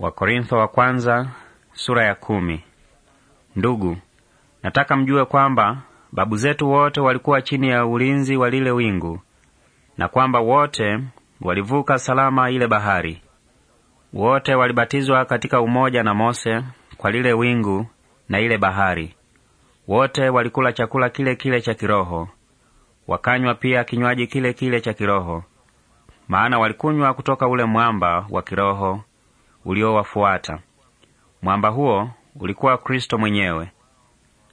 Wakorintho wa kwanza, sura ya kumi. Ndugu, nataka mjue kwamba babu zetu wote walikuwa chini ya ulinzi wa lile wingu na kwamba wote walivuka salama ile bahari. Wote walibatizwa katika umoja na Mose kwa lile wingu na ile bahari. Wote walikula chakula kile kile cha kiroho, wakanywa pia kinywaji kile kile cha kiroho, maana walikunywa kutoka ule mwamba wa kiroho uliowafuata. Mwamba huo ulikuwa Kristo mwenyewe.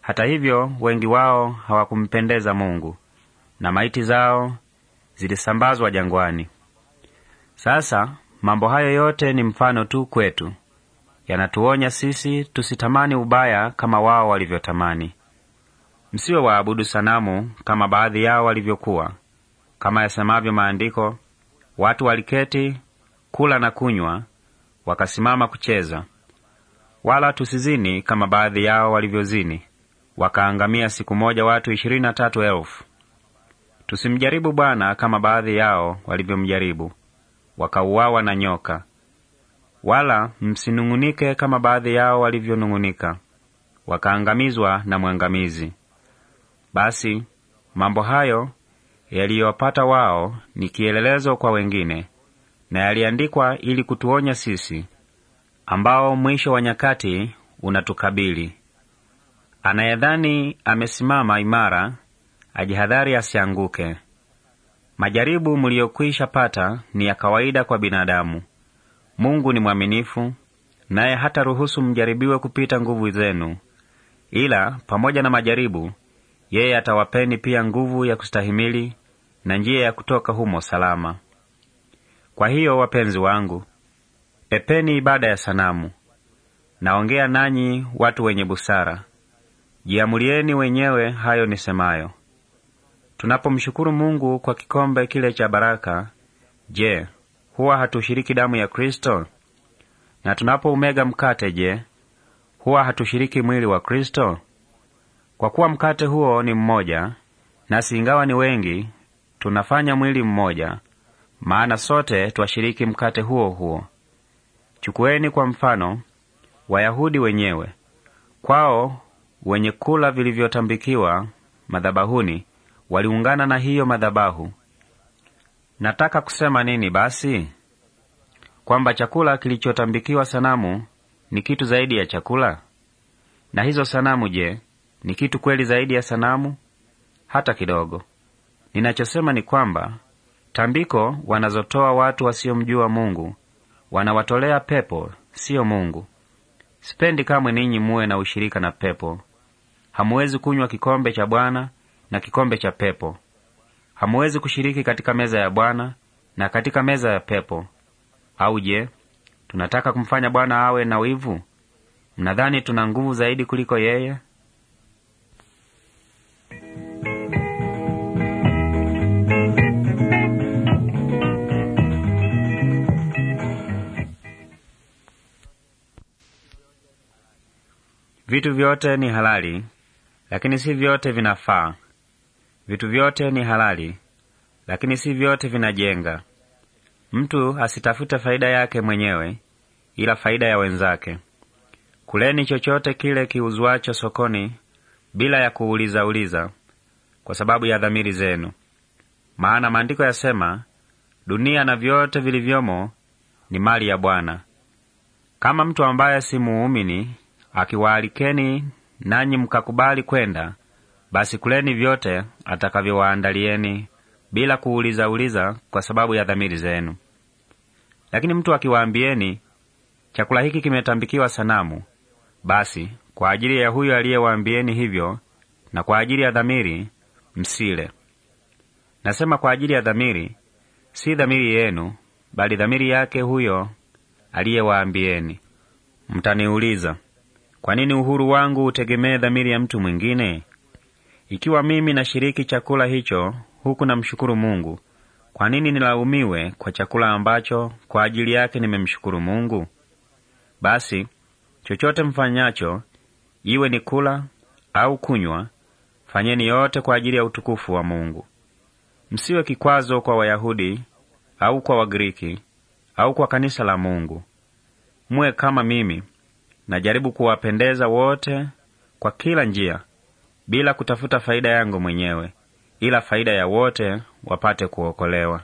Hata hivyo, wengi wao hawakumpendeza Mungu na maiti zao zilisambazwa jangwani. Sasa mambo hayo yote ni mfano tu kwetu, yanatuonya sisi tusitamani ubaya kama wao walivyotamani. Msiwe waabudu sanamu kama baadhi yao walivyokuwa. Kama yasemavyo Maandiko, watu waliketi kula na kunywa wakasimama kucheza. Wala tusizini kama baadhi yao walivyozini, wakaangamia siku moja watu ishirini na tatu elfu. Tusimjaribu Bwana kama baadhi yao walivyomjaribu, wakauawa na nyoka. Wala msinung'unike kama baadhi yao walivyonung'unika, wakaangamizwa na mwangamizi. Basi mambo hayo yaliyowapata wao ni kielelezo kwa wengine na yaliandikwa ili kutuonya sisi ambao mwisho wa nyakati unatukabili. Anayedhani amesimama imara ajihadhari asianguke. Majaribu mliyokwisha pata ni ya kawaida kwa binadamu. Mungu ni mwaminifu, naye hata ruhusu mjaribiwe kupita nguvu zenu, ila pamoja na majaribu, yeye atawapeni pia nguvu ya kustahimili na njia ya kutoka humo salama. Kwa hiyo wapenzi wangu, epeni ibada ya sanamu. Naongea nanyi watu wenye busara, jiamulieni wenyewe hayo nisemayo. Tunapomshukuru Mungu kwa kikombe kile cha baraka, je, huwa hatushiriki damu ya Kristo? Na tunapoumega mkate, je, huwa hatushiriki mwili wa Kristo? Kwa kuwa mkate huo ni mmoja, nasi ingawa ni wengi, tunafanya mwili mmoja maana sote twashiriki mkate huo huo. Chukueni kwa mfano Wayahudi wenyewe. Kwao wenye kula vilivyotambikiwa madhabahuni waliungana na hiyo madhabahu. Nataka kusema nini basi? Kwamba chakula kilichotambikiwa sanamu ni kitu zaidi ya chakula? Na hizo sanamu, je, ni kitu kweli zaidi ya sanamu? Hata kidogo. Ninachosema ni kwamba Tambiko wanazotoa watu wasiomjua Mungu wanawatolea pepo, siyo Mungu. Sipendi kamwe ninyi muwe na ushirika na pepo. Hamuwezi kunywa kikombe cha Bwana na kikombe cha pepo. Hamuwezi kushiriki katika meza ya Bwana na katika meza ya pepo. Au je, tunataka kumfanya Bwana awe na wivu? Mnadhani tuna nguvu zaidi kuliko yeye? Vitu vyote ni halali, lakini si vyote vinafaa. Vitu vyote ni halali, lakini si vyote vinajenga. Mtu asitafute faida yake mwenyewe, ila faida ya wenzake. Kuleni chochote kile kiuzwacho sokoni bila ya kuuliza uliza, kwa sababu ya dhamiri zenu, maana maandiko yasema, dunia na vyote vilivyomo ni mali ya Bwana. Kama mtu ambaye si muumini akiwaalikeni nanyi mkakubali kwenda, basi kuleni vyote atakavyowaandalieni bila kuuliza-uliza kwa sababu ya dhamiri zenu. Lakini mtu akiwaambieni, chakula hiki kimetambikiwa sanamu, basi kwa ajili ya huyo aliyewaambieni hivyo na kwa ajili ya dhamiri msile. Nasema kwa ajili ya dhamiri, si dhamiri yenu, bali dhamiri yake huyo aliyewaambieni. Mtaniuliza, kwa nini uhuru wangu utegemee dhamiri ya mtu mwingine? Ikiwa mimi nashiriki chakula hicho huku namshukuru Mungu, kwa nini nilaumiwe kwa chakula ambacho kwa ajili yake nimemshukuru Mungu? Basi chochote mfanyacho, iwe ni kula au kunywa, fanyeni yote kwa ajili ya utukufu wa Mungu. Msiwe kikwazo kwa Wayahudi au kwa Wagiriki au kwa kanisa la Mungu. Muwe kama mimi Najaribu kuwapendeza wote kwa kila njia, bila kutafuta faida yangu mwenyewe, ila faida ya wote wapate kuokolewa.